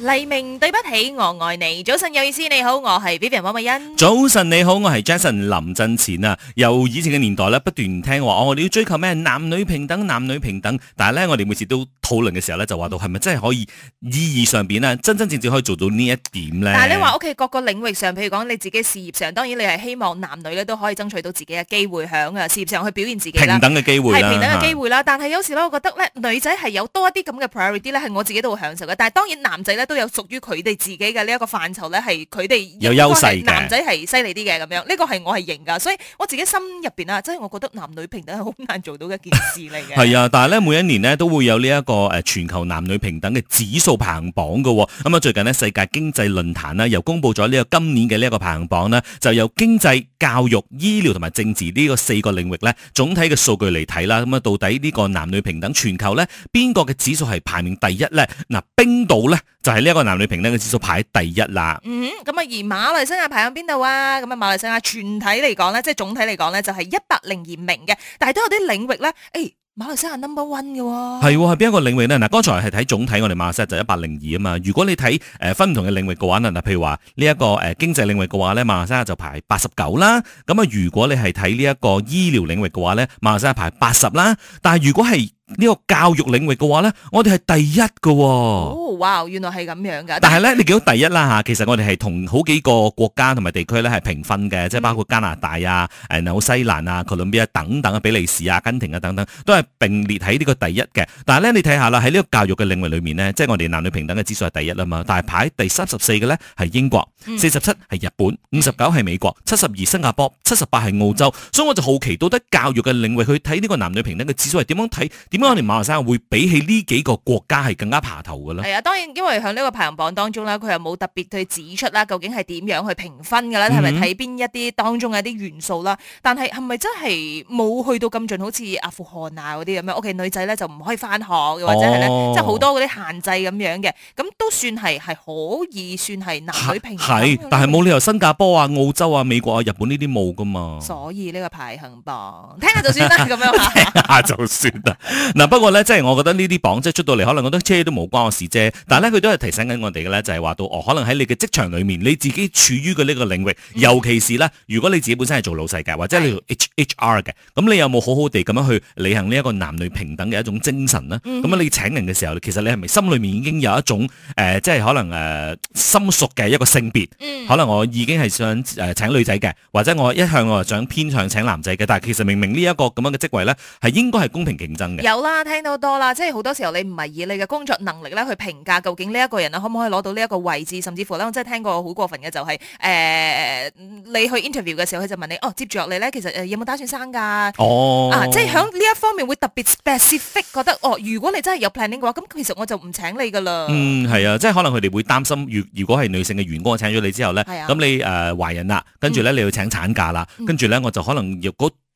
黎明，對不起，我愛你。早晨有意思，你好，我係 Vivian 王美欣。早晨你好，我係 Jason 林振前啊。由以前嘅年代咧，不斷聽話哦，你要追求咩？男女平等，男女平等。但係咧，我哋每次都討論嘅時候咧，就話到係咪真係可以意義上邊咧，真真正正可以做到呢一點咧？但係你話屋企各個領域上，譬如講你自己事業上，當然你係希望男女咧都可以爭取到自己嘅機會，喺啊事業上去表現自己啦。平等嘅機會啦，係平等嘅機會啦。但係有時咧，我覺得咧，女仔係有多一啲咁嘅 priority 咧，係我自己都會享受嘅。但係當然男仔咧都有屬於佢哋自己嘅呢一個範疇咧，係佢哋有優勢嘅。男仔係犀利啲嘅咁樣，呢個係我係認㗎。所以我自己心入邊啊，真係我覺得男女平等係好難做到一件事嚟嘅。係啊，但係咧每一年咧都會有呢一個。誒全球男女平等嘅指數排行榜嘅，哦，咁啊最近呢，世界經濟論壇啦又公布咗呢個今年嘅呢一個排行榜啦，就由經濟、教育、醫療同埋政治呢個四個領域咧，總體嘅數據嚟睇啦，咁啊到底呢個男女平等全球咧邊個嘅指數係排名第一咧？嗱，冰島咧就係呢一個男女平等嘅指數排喺第一啦。嗯，咁啊而馬來西亞排喺邊度啊？咁啊馬來西亞全體嚟講咧，即係總體嚟講咧就係一百零二名嘅，但係都有啲領域咧，誒、哎。馬來西亞 number one 嘅喎，係喎，係邊一個領域咧？嗱，剛才係睇總體，我哋馬來西亞就一百零二啊嘛。如果你睇誒分唔同嘅領域嘅話咧，嗱，譬如話呢一個誒經濟領域嘅話咧，馬來西亞就排八十九啦。咁啊，如果你係睇呢一個醫療領域嘅話咧，馬來西亞排八十啦。但係如果係呢、這個教育領域嘅話呢，我哋係第一嘅喎、哦。哦，哇，原來係咁樣㗎。但係呢，你見到第一啦嚇，其實我哋係同好幾個國家同埋地區呢係平分嘅，即、嗯、係包括加拿大啊、誒、嗯、紐、呃、西蘭啊、哥倫比亞等等、比利時、啊、阿根廷啊等等，都係並列喺呢個第一嘅。但係呢，你睇下啦，喺呢個教育嘅領域裏面呢，即、就、係、是、我哋男女平等嘅指數係第一啊嘛。但係排第三十四嘅呢係英國，四十七係日本，五十九係美國，七十二新加坡，七十八係澳洲、嗯。所以我就好奇到，到底教育嘅領域去睇呢個男女平等嘅指數係點樣睇？咁我哋馬來西亞會比起呢幾個國家係更加爬頭噶啦？係啊，當然因為喺呢個排行榜當中咧，佢又冇特別去指出啦，究竟係點樣去評分噶啦？係咪睇邊一啲當中嘅啲元素啦？但係係咪真係冇去到咁盡？好似阿富汗啊嗰啲咁樣，屋企女仔咧就唔可以返學，或者係咧、哦、即係好多嗰啲限制咁樣嘅，咁都算係係可以算係男女平等。係、啊，但係冇理由新加坡啊、澳洲啊、美國啊、日本呢啲冇噶嘛。所以呢個排行榜聽下就算啦，咁樣嚇就算啦。 嗱、啊，不過咧，即係我覺得呢啲榜即係出到嚟，可能我覺得車都冇關我事啫。但係咧，佢都係提醒緊我哋嘅咧，就係、是、話到，哦，可能喺你嘅職場裏面，你自己處於嘅呢個領域，嗯、尤其是咧，如果你自己本身係做老細嘅，或者你做 H H R 嘅，咁你有冇好好地咁樣去履行呢一個男女平等嘅一種精神咧？咁、嗯、你請人嘅時候，其實你係咪心裏面已經有一種誒、呃，即係可能誒心、呃、熟嘅一個性別、嗯？可能我已經係想誒、呃、請女仔嘅，或者我一向我想偏向請男仔嘅，但係其實明明這這呢一個咁樣嘅職位咧，係應該係公平競爭嘅。好啦，聽到多啦，即係好多時候你唔係以你嘅工作能力咧去評價，究竟呢一個人啊可唔可以攞到呢一個位置，甚至乎咧，我真係聽過好過分嘅就係、是、誒、呃，你去 interview 嘅時候，佢就問你哦，接住落嚟咧，其實有冇打算生噶？哦，啊，即係喺呢一方面會特別 specific，覺得哦，如果你真係有 planning 嘅話，咁其實我就唔請你噶啦。嗯，係啊，即係可能佢哋會擔心，如果如果係女性嘅員工，我請咗你之後咧，咁、啊、你、呃、懷孕啦，跟住咧你要請產假啦，嗯、跟住咧我就可能要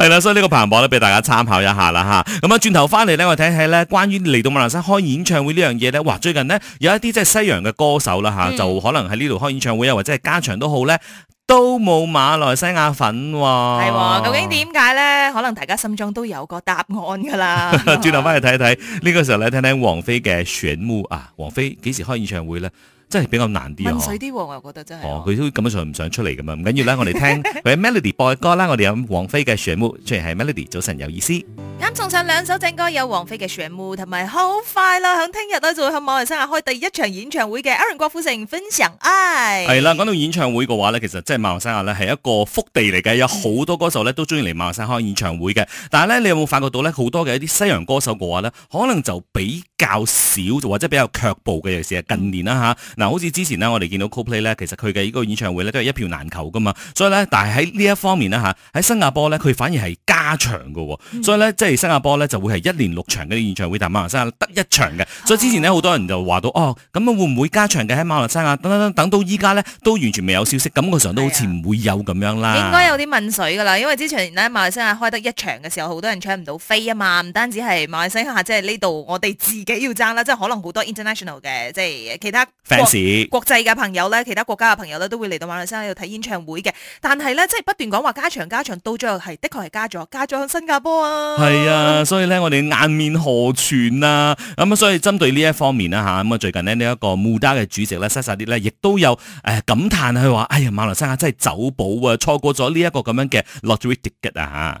係啦，所以呢個排行榜咧，俾大家參考一下啦吓。咁啊，轉頭翻嚟咧，我睇睇咧，關於嚟到馬來西亞開演唱會呢樣嘢咧，哇！最近呢，有一啲即係西洋嘅歌手啦吓、嗯，就可能喺呢度開演唱會啊，或者係加場都好咧，都冇馬來西亞粉喎。係、哦哦，究竟點解咧？可能大家心中都有個答案噶啦。轉頭翻嚟睇睇，呢、呢個時候咧，聽聽王菲嘅《旋木》啊。王菲幾時開演唱會咧？真係比較難啲，汗水啲喎，我又覺得真係。哦，佢都根本上唔想出嚟㗎嘛。唔緊要啦，我哋聽。嚟 melody 播嘅歌啦， 我哋有王菲嘅《旋木》，雖然係 melody 早晨有意思。啱送上兩首正歌，有王菲嘅《旋木》，同埋好快啦，響聽日咧就會喺馬來西亞開第一場演唱會嘅 Aaron 郭富城非常愛。係啦，講到演唱會嘅話咧，其實即係馬來西亞咧係一個福地嚟嘅，有好多歌手咧都中意嚟馬來西亞開演唱會嘅。但係咧，你有冇發覺到咧，好多嘅一啲西洋歌手嘅話咧，可能就比較少，就或者比較卻步嘅，尤其是近年啦嚇。嗯嗱，好似之前呢，我哋見到 Coldplay 呢，其實佢嘅呢個演唱會咧都係一票難求噶嘛，所以咧，但係喺呢一方面呢，喺、啊、新加坡呢，佢反而係加場㗎喎、嗯。所以呢，即係新加坡呢，就會係一年六場嘅演唱會，但馬來西亞得一場嘅，所以之前呢，好多人就話到哦，咁、哦、會唔會加場嘅喺馬來西亞？等等等，到依家呢，都完全未有消息，咁、嗯嗰個時候都好似唔會有咁樣啦。應該有啲問水噶啦，因為之前呢，馬來西亞開得一場嘅時候，好多人搶唔到飛啊嘛，唔單止係馬來西亞，即係呢度我哋自己要爭啦，即、就、係、是、可能好多 international 嘅，即、就、係、是、其他。Fans 國際嘅朋友咧，其他國家嘅朋友咧，都會嚟到馬來西亞度睇演唱會嘅。但係咧，即係不斷講話加場、加場，到最後係的確係加咗，加咗喺新加坡啊。係啊，所以咧我哋顏面何存啊？咁、嗯、啊，所以針對呢一方面啦吓，咁啊最近呢，呢、這、一個 MUDA 嘅主席咧，Syed Saddiq 咧，亦都有誒感嘆佢話：，哎呀、哎，馬來西亞真係走寶啊，錯過咗呢一個咁樣嘅 lottery ticket 啊！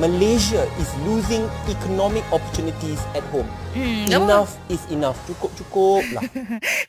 Malaysia is losing economic opportunities at home.、嗯、enough is enough. 就就咁啦。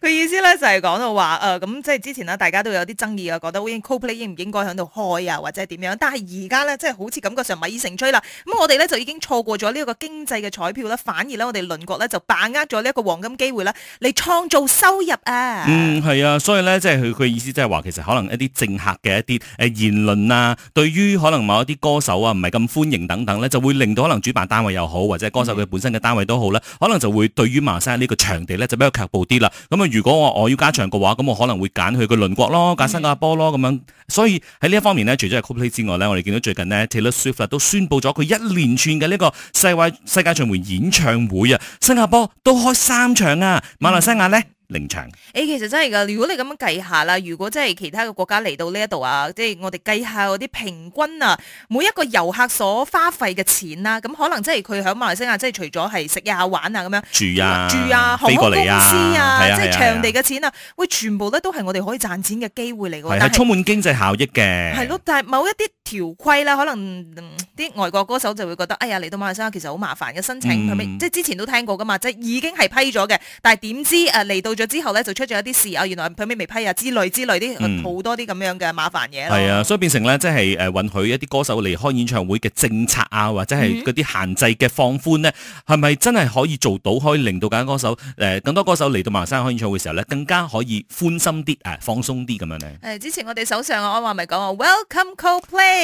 佢 意思咧就係講到話，誒，咁即係之前呢，大家都有啲爭議啊，覺得 Coldplay 應唔應該響度開啊，或者係點樣？但係而家咧，即、呃、係好似感覺上米已成炊啦。咁、嗯、我哋咧就已經錯過咗呢個經濟嘅彩票啦。反而咧，我哋鄰國咧就把握咗呢一個黃金機會啦，你創造收入啊。嗯，係啊，所以咧，即係佢佢意思，即係話，其實可能一啲政客嘅一啲誒言論啊，對於可能某一啲歌手啊，唔係咁歡迎。型等等咧，就會令到可能主辦單位又好，或者歌手佢本身嘅單位都好咧，可能就會對於馬來西亞呢個場地咧，就比較強暴啲啦。咁啊，如果我我要加場嘅話，咁我可能會揀去個鄰國咯，揀新加坡咯咁樣。所以喺呢一方面咧，除咗係 Coldplay 之外咧，我哋見到最近呢 Taylor Swift 都宣佈咗佢一連串嘅呢個世界世界巡迴演唱會啊，新加坡都開三場啊，馬來西亞咧。凌、欸、誒，其實真係噶，如果你咁樣計下啦，如果真係其他嘅國家嚟到呢、就是、一度啊，即係我哋計下我啲平均啊，每一個遊客所花費嘅錢啦，咁可能即係佢響馬來西亞，即、就、係、是、除咗係食呀玩啊咁樣住啊、住呀、啊、航空公司啊，即係、啊啊就是、場地嘅錢啊，會、啊啊、全部咧都係我哋可以賺錢嘅機會嚟嘅，係、啊、充滿經濟效益嘅，係咯，但係、啊、某一啲，條規啦，可能啲、嗯、外國歌手就會覺得，哎呀嚟到馬來西亞其實好麻煩嘅申請，係、嗯、咪即係之前都聽過㗎嘛？即係已經係批咗嘅，但係點知誒嚟、啊、到咗之後咧就出咗一啲事啊，原來佢咪未批啊之類之類啲好、嗯、多啲咁樣嘅麻煩嘢。係啊，所以變成咧即係誒允許一啲歌手嚟開演唱會嘅政策啊，或者係嗰啲限制嘅放寬呢，係、嗯、咪真係可以做到，可以令到緊歌手誒、呃、更多歌手嚟到馬來西亞開演唱會嘅時候咧，更加可以寬心啲誒、啊，放鬆啲咁樣呢？誒，之前我哋手上我話咪講喎，Welcome Coldplay。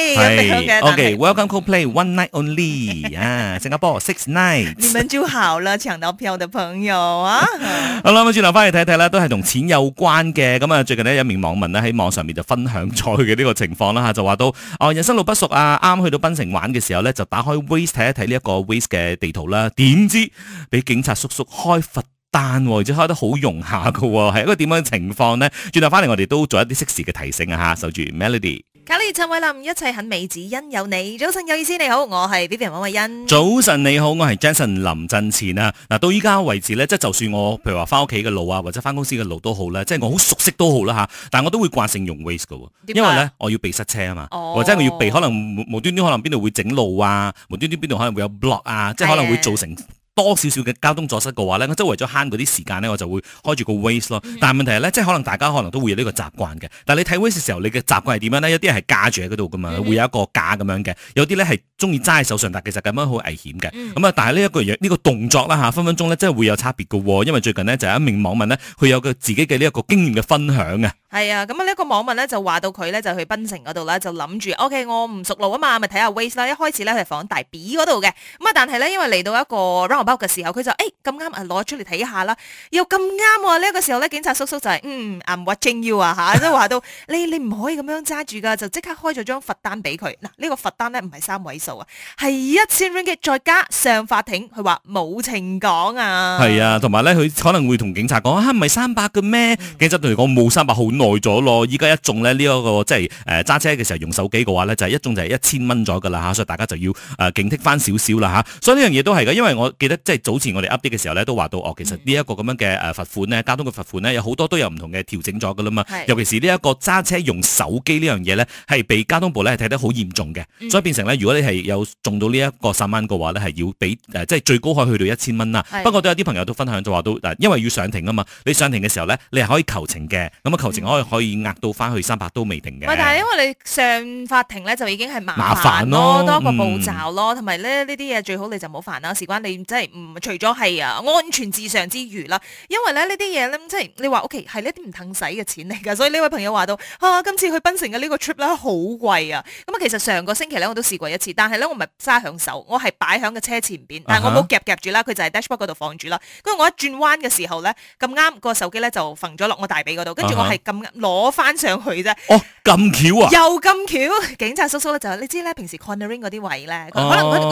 係、hey, hey,，OK，Welcome、okay, okay, okay, to Play One Night Only 啊，新加坡 Six Nights 你們就好啦，搶到票嘅朋友啊。 嗯、好啦，咁轉頭翻嚟睇睇啦，都係同錢有關嘅。咁、嗯、啊，最近咧有一名網民呢，喺網上面就分享咗佢嘅呢個情況啦吓，就話到哦，人生路不熟啊，啱去到檳城玩嘅時候呢，就打開 Waze 睇一睇呢一個 Waze 嘅地圖啦，點知俾警察叔叔開罰單，而且開得好融下噶，係一個點樣嘅情況呢？轉頭翻嚟，我哋都做一啲即時嘅提醒啊吓，守住 Melody。睇嚟陳偉林一切很美，只因有你。早晨有意思，你好，我係 B B 人黃慧欣。早晨你好，我係 Jason 林振前啊。嗱，到依家為止咧，即係就算我譬如話翻屋企嘅路啊，或者翻公司嘅路都好啦，即係我好熟悉都好啦吓。但係我都會慣性用 Waze 嘅，因為咧我要避塞車啊嘛，或、oh. 者我要避可能無無端端可能邊度會整路啊，無端端邊度可能會有 block 啊，yeah. 即係可能會造成。多少少嘅交通阻塞嘅話咧，我即係為咗慳嗰啲時間咧，我就會開住個 Waze 咯。但係問題係咧，即係可能大家可能都會有呢個習慣嘅。但係你睇 Waze 時候，你嘅習慣係點樣咧？有啲人係架住喺嗰度噶嘛，mm -hmm. 會有一個架咁樣嘅。有啲咧係中意揸喺手上，但其實咁樣好危險嘅。咁、mm、啊 -hmm. 這個，但係呢一個嘢，呢個動作啦吓、啊，分分鐘咧真係會有差別喎。因為最近呢，就有一名網民咧，佢有佢自己嘅呢一個經驗嘅分享係啊，咁啊呢個網民咧就話到佢咧就去檳城嗰度啦，就諗住，O K，我唔熟路啊嘛，咪睇下 Waze 啦。一開始咧係放喺大 B 嗰度嘅，咁啊但係咧因為嚟到一個 roundabout 嘅時候，佢就誒咁啱啊攞出嚟睇下啦，又咁啱呢個時候咧警察叔叔就係、是，嗯，I'm watching you 啊吓，即都話到 你你唔可以咁樣揸住噶，就即刻開咗張罰單俾佢。嗱、這、呢個罰單咧唔係三位數啊，係一千 ringgit 再加上法庭，佢話冇情講啊。係啊，同埋咧佢可能會同警察講吓唔係三百嘅咩？警察同佢講冇三百好。耐咗咯，依家一中咧呢一、這個即係誒揸車嘅時候用手機嘅話咧，就係、是、一中就係一千蚊咗㗎啦嚇，所以大家就要誒、呃、警惕翻少少啦嚇。所以呢樣嘢都係嘅，因為我記得即係早前我哋 update 嘅時候咧都話到哦，其實這這、呃、呢一個咁樣嘅誒罰款咧，交通嘅罰款咧有好多都有唔同嘅調整咗㗎啦嘛。尤其是呢一個揸車用手機呢樣嘢咧，係被交通部咧睇得好嚴重嘅、嗯，所以變成咧如果你係有中到呢一個十蚊嘅話咧，係要俾、呃、即係最高可以去到一千蚊啦。不過都有啲朋友都分享就話都因為要上庭啊嘛，你上庭嘅時候咧，你係可以求情嘅。咁啊求情、嗯可以壓到翻去三百都未定嘅。但係因為你上法庭咧，就已經係麻，麻煩咯，多個步驟咯，同埋咧呢啲嘢最好你就唔好煩啦。事關你真係唔除咗係啊安全至上之餘啦，因為咧呢啲嘢咧即係你話屋企係呢啲唔騰使嘅錢嚟㗎，所以呢位朋友話到啊，今次去檳城嘅呢個 trip 咧好貴啊。咁啊，其實上個星期咧我都試過一次，但係咧我唔係揸響手，我係擺響個車前邊，但係我冇夾夾住啦，佢就係 dashboard 嗰度放住啦。跟住我一轉彎嘅時候咧咁啱個手機咧就揈咗落我大髀嗰度，跟住我係咁。攞翻上去啫！哦，咁巧啊！又咁巧，警察叔叔咧就你知咧，平時 cornering 嗰啲位咧、哦，可能因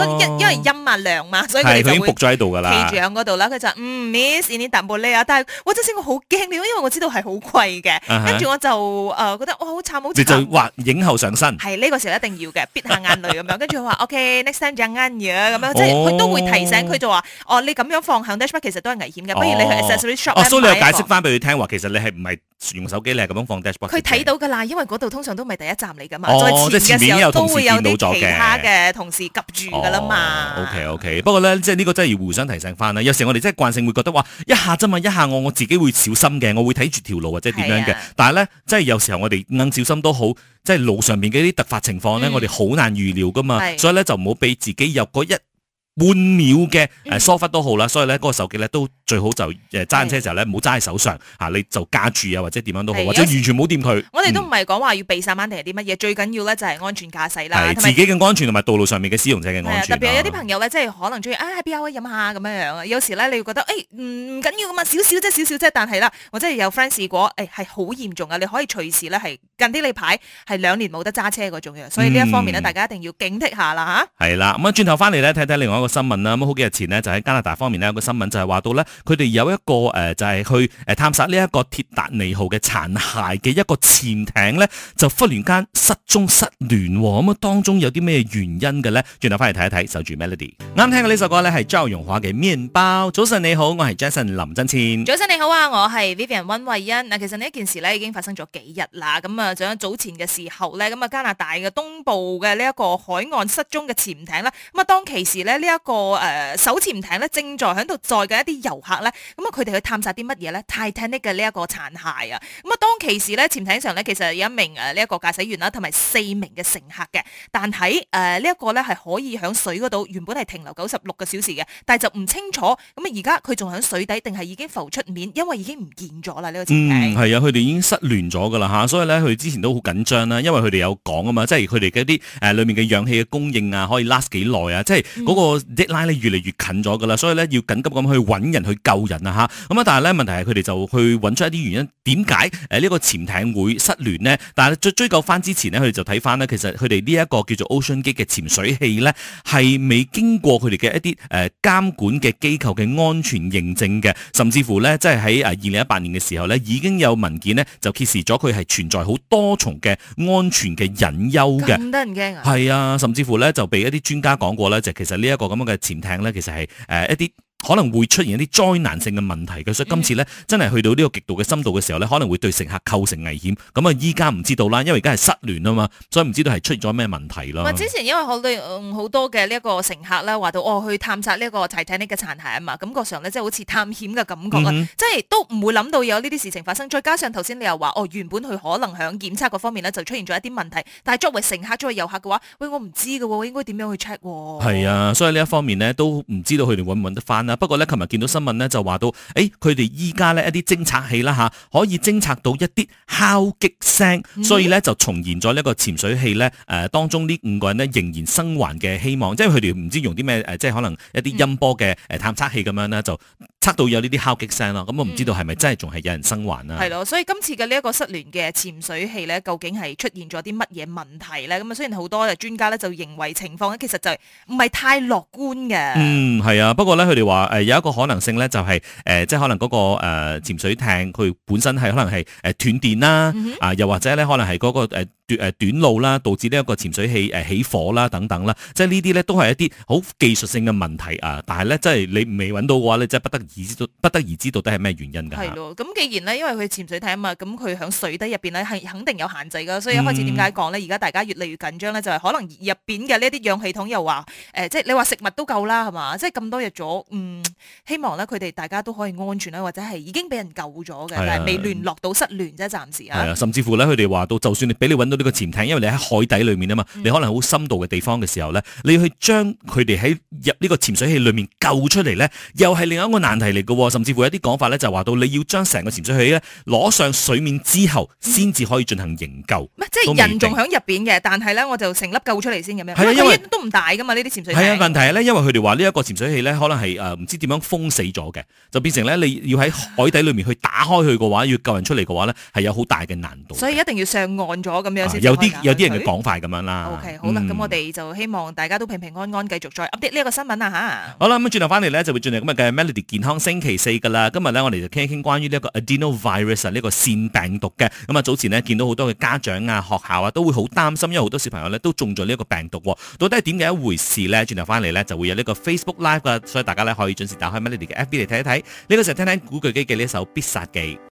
為陰啊涼嘛，所以佢哋就會伏咗喺度噶啦。鼻樣嗰度啦，佢就嗯 miss in the 達摩利亞，但係我真係我好驚，因為我知道係好貴嘅，跟、uh、住 -huh. 我就誒、呃、覺得我好慘好似就話影后上身係呢個時候一定要嘅，憋下眼淚咁 後說、 okay, 樣，跟住我話 OK next time，then you 咁樣，即係佢都會提醒佢就話哦，你咁樣放喺 dashboard，其實都係危險嘅、哦，不如你去 accessory shop 哦，哦所以你解釋翻俾佢聽話，其實你係唔係用手機？佢睇到噶啦，因為嗰度通常都唔係第一站嚟噶嘛。即、哦、前面，前面也有同事見到咗嘅，其他同事急住噶啦嘛、哦。OK OK，不過咧，即係呢個真係要互相提醒返啦。有時我哋真係慣性會覺得話，一下啫嘛，一下我我自己會小心嘅，我會睇住條路或者點樣嘅。啊、但係咧，即係有時候我哋能小心都好，即係路上面嘅啲突發情況咧，嗯、我哋好難預料噶嘛。所以咧就唔好俾自己入嗰一。半秒嘅誒疏忽都好啦、嗯，所以咧嗰、嗰個手機咧都最好就誒揸車時候咧唔好揸喺手上嚇，你就架住啊或者點樣都好，或者完全冇掂佢。我哋都唔係講話要避三萬定係啲乜嘢，最緊要咧就係安全駕駛啦，同自己嘅安全同埋道路上面嘅使用者嘅安全、啊。特別有啲朋友咧，即、啊、係可能中意、哎、啊邊有飲下咁樣樣啊，有時咧你會覺得誒唔唔緊要噶嘛，少少啫少少啫，但係啦，我真係有 friend 試過誒係好嚴重噶，你可以隨時咧係近啲你牌係兩年冇得揸車嗰種嘅，所以呢一方面呢、嗯，大家一定要警惕一下啦吓，係啦、啊，咁啊轉頭翻嚟咧睇睇另外一個。新聞啦，咁好幾日前呢，就喺加拿大方面呢，有個新聞，就係話到呢，佢哋有一個誒就係去誒探索呢一個鐵達尼號嘅殘骸嘅一個潛艇呢，就忽然間失蹤失聯喎，咁啊當中有啲咩原因嘅呢？轉頭翻嚟睇一睇，守住 Melody。啱啱聽過呢首歌呢，係周容華嘅《麵包》。早晨你好，我係 Jason 林真千。早晨你好啊，我係 Vivian 温慧欣。嗱，其實呢一件事呢已經發生咗幾日啦，咁啊，早早前嘅時候呢，咁啊加拿大嘅東部嘅呢一個海岸失蹤嘅潛艇啦。咁啊當其時呢呢一、這個一個誒，手、呃、潛艇咧正在喺度載嘅一啲遊客咧，咁啊，佢哋去探索啲乜嘢咧？Titanic 嘅呢一個殘骸啊！咁啊，當其時咧，潛艇上咧其實有一名誒呢一個駕駛員啦、啊，同埋四名嘅乘客嘅。但喺誒、呃這個、呢一個咧係可以喺水嗰度，原本係停留九十六個小時嘅，但係就唔清楚。咁啊，而家佢仲喺水底定係已經浮出面？因為已經唔見咗啦呢個潛艇。嗯，係啊，佢哋已經失聯咗噶啦吓，所以咧佢之前都好緊張啦，因為佢哋有講啊嘛，即係佢哋嘅一啲誒、呃、裏面嘅氧氣嘅供應啊，可以 last 幾耐啊，即係嗰個、嗯。Deadline 越嚟越近咗㗎喇，所以咧要緊急咁去揾人去救人啊吓，咁啊，但係咧問題係佢哋就去揾出一啲原因，點解誒呢個潛艇會失聯咧？但係在追究翻之前咧，佢哋就睇翻咧，其實佢哋呢一個叫做 OceanGate 嘅潛水器咧，係未經過佢哋嘅一啲誒監管嘅機構嘅安全認證嘅，甚至乎咧即係喺誒二零一八年嘅時候咧，已經有文件咧就揭示咗佢係存在好多重嘅安全嘅隱憂嘅。咁得人驚啊！係啊，甚至乎咧就被一啲專家講過咧，就其實呢、這、一個。咁樣嘅潛艇咧，其實係誒一啲。可能會出現一啲災難性嘅問題嘅，所以今次咧真係去到呢個極度嘅深度嘅時候咧，可能會對乘客構成危險。咁啊，依家唔知道啦，因為而家係失聯啊嘛，所以唔知道係出現咗咩問題咯、嗯。之前因為好、嗯、多嘅呢一個乘客啦，話到哦去探索呢個 Titanic 嘅殘骸啊嘛，感覺上咧即係好似探險嘅感覺啊、嗯，即係都唔會諗到有呢啲事情發生。再加上頭先你又話哦，原本佢可能喺檢測嗰方面咧就出現咗一啲問題，但係作為乘客、作為遊客嘅話，喂我唔知嘅喎，我應該點樣去 check？係啊，所以呢一方面咧都唔知道佢哋搵唔搵得翻。啊！不過咧，琴日見到新聞咧，就話到，誒、欸，佢哋依家咧一啲偵察器啦嚇，可以偵察到一啲敲擊聲、嗯，所以咧就重現咗呢個潛水器咧誒、呃、當中呢五個人咧仍然生還嘅希望，即係佢哋唔知用啲咩誒，即係可能一啲音波嘅誒探測器咁樣咧、嗯、就。得到有呢啲敲擊聲咯，咁我唔知道係咪真係仲係有人生還啊？係、嗯、咯，所以今次嘅呢一個失聯嘅潛水器咧，究竟係出現咗啲乜嘢問題咧？咁啊，雖然好多專家咧就認為情況咧其實就唔係太樂觀嘅。嗯，係啊，不過咧佢哋話誒有一個可能性咧就係、是、誒、呃、即係可能嗰、那個誒、呃、潛水艇佢本身係可能係誒、呃、斷電啦，啊、嗯呃、又或者咧可能係嗰、那個、呃短路啦，導致呢一個潛水器誒起火啦，等等啦，即係呢啲咧都係一啲好技術性嘅問題啊！但係咧，即係你未揾到嘅話咧，即係不得而知，不得而知到底係咩原因㗎？係咯，咁既然咧，因為佢潛水艇啊嘛，咁佢響水底入邊咧，係肯定有限制㗎，所以一開始點解講咧？而家大家越嚟越緊張咧，就係、是、可能入邊嘅呢啲氧系統又話誒，即係你話食物都夠啦，係嘛？即係咁多日咗，嗯，希望咧佢哋大家都可以安全啦，或者係已經俾人救咗嘅，但係未聯絡到失聯啫，暫時啊，甚至乎咧佢哋話到，就算你俾你揾到。呢、這個潛艇，因為你喺海底裏面啊嘛，你可能好深度嘅地方嘅時候咧，你要去將佢哋喺入呢個潛水器裏面救出嚟咧，又係另一個難題嚟嘅喎。甚至乎有啲講法咧，就話到你要將成個潛水器咧攞上水面之後，先、嗯、至可以進行營救。唔係，即係人仲喺入邊嘅，但係咧，我就成粒救出嚟先咁樣。係啊，因為都唔大㗎嘛，呢啲潛水器。係問題係因為佢哋話呢一個潛水器咧，可能係誒唔知點樣封死咗嘅，就變成咧你要喺海底裏面去打開佢嘅話， 要救人出嚟嘅話咧，係有好大嘅難度的。所以一定要上岸咗咁樣。有啲有啲人嘅講法咁樣啦。O、okay, K 好啦，咁、嗯、我哋就希望大家都平平安安，繼續再 update 呢一個新聞啊嚇。好啦，咁轉頭翻嚟咧，就會進嚟咁啊嘅 Melody 健康星期四噶啦。今日咧，我哋就傾一傾關於呢一個 Adeno Virus 呢個腺病毒嘅。咁啊，早前呢，見到好多嘅家長啊、學校啊，都會好擔心，因為好多小朋友咧都中咗呢一個病毒、啊。到底係點嘅一回事咧？轉頭翻嚟咧就會有呢個 Facebook Live 噶，所以大家咧可以準時打開 Melody 嘅 F B 嚟睇一睇。呢、呢個就聽聽古巨基嘅呢一首《必殺技》。